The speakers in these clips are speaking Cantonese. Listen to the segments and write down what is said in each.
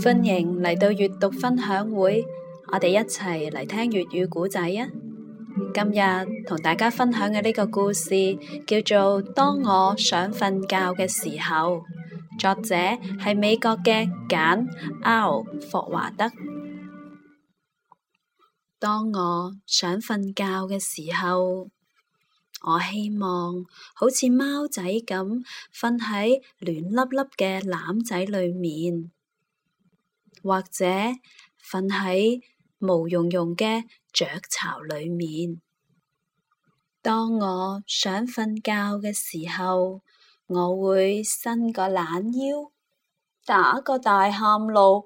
歡迎嚟到閱讀分享會，我哋一齊嚟聽粵語故仔啊！今日同大家分享嘅呢個故事叫做《當我想瞓覺嘅時候》，作者係美國嘅簡 L 霍華德。當我想瞓覺嘅時候。我希望好似貓仔咁瞓喺暖粒粒嘅籃仔裏面，或者瞓喺毛茸茸嘅雀巢裏面。當我想瞓覺嘅時候，我會伸個懶腰，打個大喊路。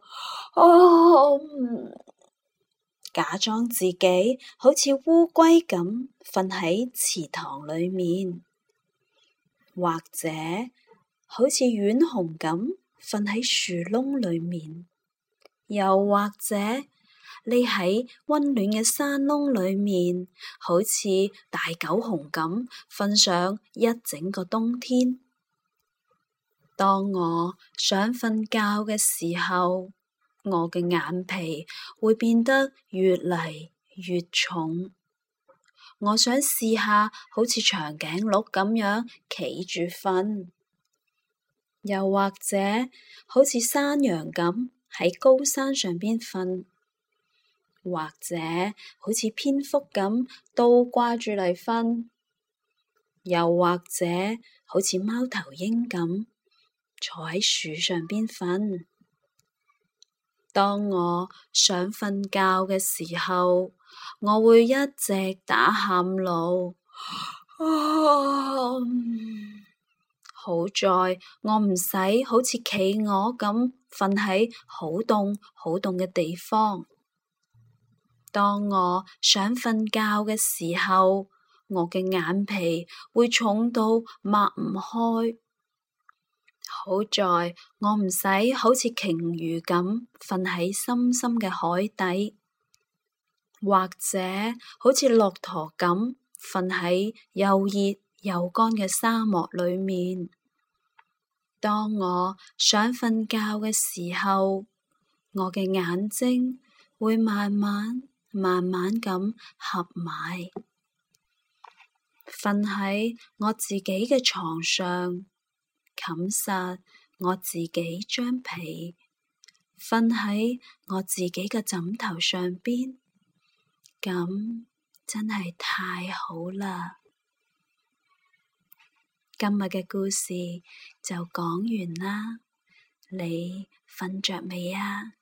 啊假裝自己好似烏龜咁瞓喺池塘裏面，或者好似浣熊咁瞓喺樹窿裏面，又或者你喺溫暖嘅山窿裏面，好似大狗熊咁瞓上一整個冬天。當我想瞓覺嘅時候。我嘅眼皮會變得越嚟越重，我想試下好似長頸鹿咁樣企住瞓，又或者好似山羊咁喺高山上邊瞓，或者好似蝙蝠咁倒掛住嚟瞓，又或者好似貓頭鷹咁坐喺樹上邊瞓。當我想瞓覺嘅時候，我會一直打喊路、啊嗯。好在我唔使好似企鵝咁瞓喺好凍好凍嘅地方。當我想瞓覺嘅時候，我嘅眼皮會重到擘唔開。好在，我唔使好似鯨魚咁瞓喺深深嘅海底，或者好似駱駝咁瞓喺又熱又乾嘅沙漠裏面。當我想瞓覺嘅時候，我嘅眼睛會慢慢、慢慢咁合埋，瞓喺我自己嘅床上。冚實我自己張被，瞓喺我自己嘅枕頭上邊，咁真係太好啦！今日嘅故事就講完啦，你瞓着未啊？